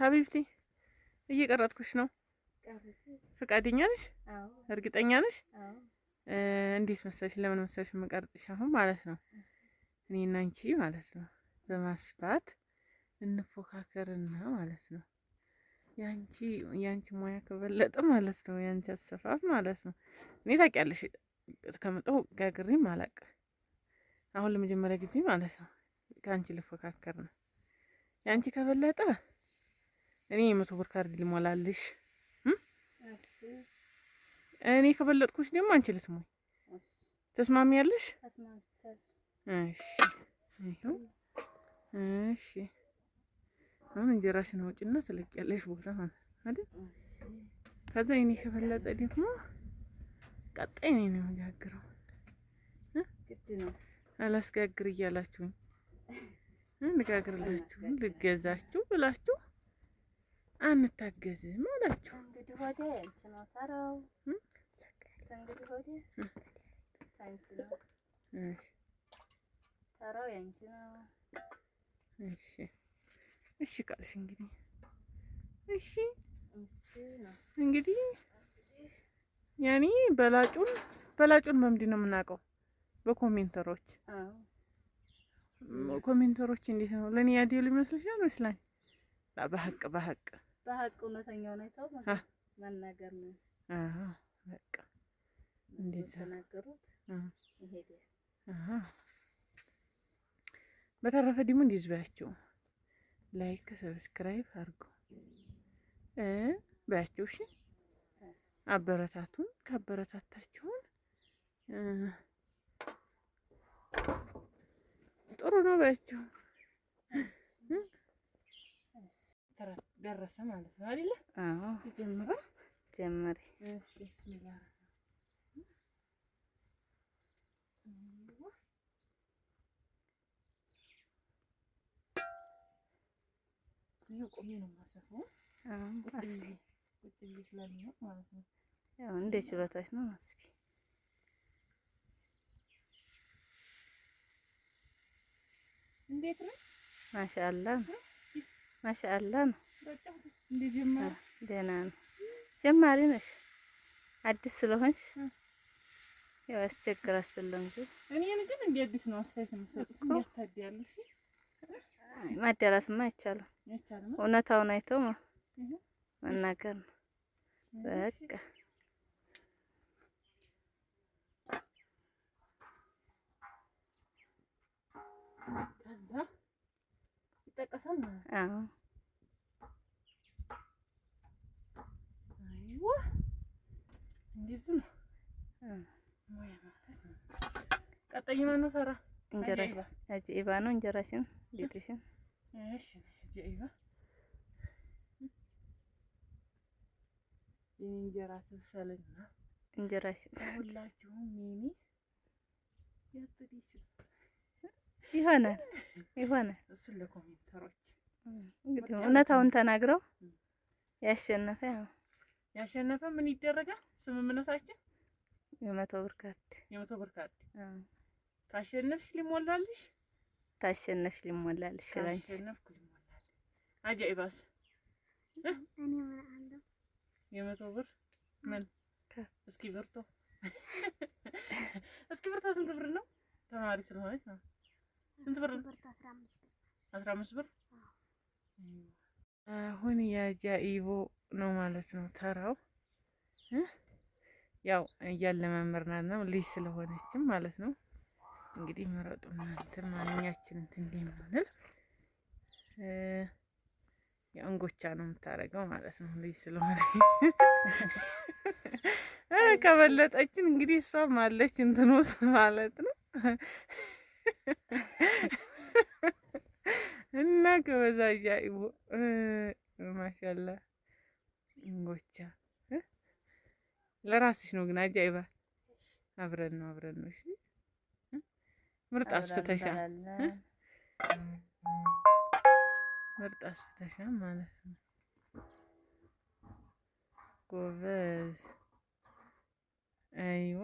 ሀቢብቲ እየቀረጥኩሽ ነው። ፈቃደኛ ነሽ? እርግጠኛ ነሽ? እንዴት መሰለሽ፣ ለምን መሰለሽ የምቀርጥሽ አሁን ማለት ነው እኔ እና አንቺ ማለት ነው በማስፋት እንፎካከርና ማለት ነው ያንቺ ያንቺ ሙያ ከበለጠ ማለት ነው ያንቺ አሰፋፍ ማለት ነው እኔ ታውቂያለሽ ከመጣሁ ጋግሬም አላቅ አሁን ለመጀመሪያ ጊዜ ማለት ነው ከአንቺ ልፎካከር ነው ያንቺ ከበለጠ እኔ የመቶ ብር ካርድ ልሞላልሽ። እኔ ከበለጥኩሽ ደግሞ አንቺ ልትሞኝ ተስማሚያለሽ? እሺ፣ እሺ። አሁን እንጀራሽን ትለቅ ያለሽ ቦታ አይደል? ከዛ እኔ ከበለጠ ደግሞ ቀጣይ እኔ ነው የምጋግረው። አላስጋግር እያላችሁኝ ልጋግርላችሁ ልገዛችሁ ብላችሁ አንታገዝም አላችሁ። እሺ ቃልሽ እንግዲህ እሺ እንግዲህ ያኔ በላጩን በላጩን በምንድን ነው የምናውቀው? በኮሜንተሮች ኮሜንተሮች እንዴት ነው ለኔ ያዲሉ ይመስልሻል? ይመስላል በሀቅ በሀቅ በሀቅ እውነተኛውን አይተው መናገር ነው። በቃ እንደዛ ተናገሩት። በተረፈ ደግሞ እንዲዝ በያቸው፣ ላይክ ሰብስክራይብ አድርጉ እ በያቸው እሺ። አበረታቱን። ካበረታታችሁን ጥሩ ነው በያቸው። ደረሰ ማለት ነው አይደለ? አዎ። ጀምራ ጀምሪ። እሺ ብስሚላ ነው አስፊ እንደ ችሎታች ነው አስፊ እንዴት ነው? ማሻአላ ነው። ማሻአላ ነው። ደህና ነው። ጀማሪ ነሽ፣ አዲስ ስለሆንሽ ያው ያስቸግር አስተለም ግን እኔን ግን እንደ አዲስ ነው አስተያየት የምትሰጡት። እንዲያታዲያለሽ ማዳላትማ አይቻልም። እውነታውን አይተው መናገር ነው በቃ። ከዛ ይጠቀሳል። አዎ ቢዝ ነው ሙያ ማለት ነው። ቀጣይ ሰራ ነው እንጀራሽን ሊጥሽን እሺ እንጀራ ትብሰልና እንጀራሽን ሁላችሁም ይሆናል ይሆናል። ለኮሜንተሮች እንግዲህ እውነታውን ተናግረው ያሸነፈ ያው ያሸነፈ ምን ይደረጋል? ስምምነታችን የመቶ ብር ካርድ የመቶ ብር ካርድ ታሸነፍሽ ሊሞላልሽ ታሸነፍሽ ሊሞላልሽ ላንቺ ታሸነፍኩ ሊሞላልሽ አጃኢባስ እኔ የመቶ ብር ምን እስኪ ብርቶ እስኪ ብርቶ ስንት ብር ነው? ተማሪ ስለሆነች ነው። ስንት ብር ነው? አስራ አምስት ብር አሁን የጃኢቦ ነው ማለት ነው ተራው ያው እያለ እያለማመርናት ነው ልጅ ስለሆነችም ማለት ነው። እንግዲህ ምረጡ እናንተ ማንኛችን እንትን እንደምንል የእንጎቻ ነው የምታደርገው ማለት ነው ልጅ ስለሆነ ከበለጠችን እንግዲህ እሷም አለች እንትን ውስጥ ማለት ነው እና ከበዛያ ይቦ ማሻላ እንጎቻ ለራስሽ ነው ግን አጃይባ አብረን ነው አብረን ነው። እሺ ምርጥ አስፍተሻ ምርጥ አስፍተሻ ማለት ነው። ጎበዝ አይዋ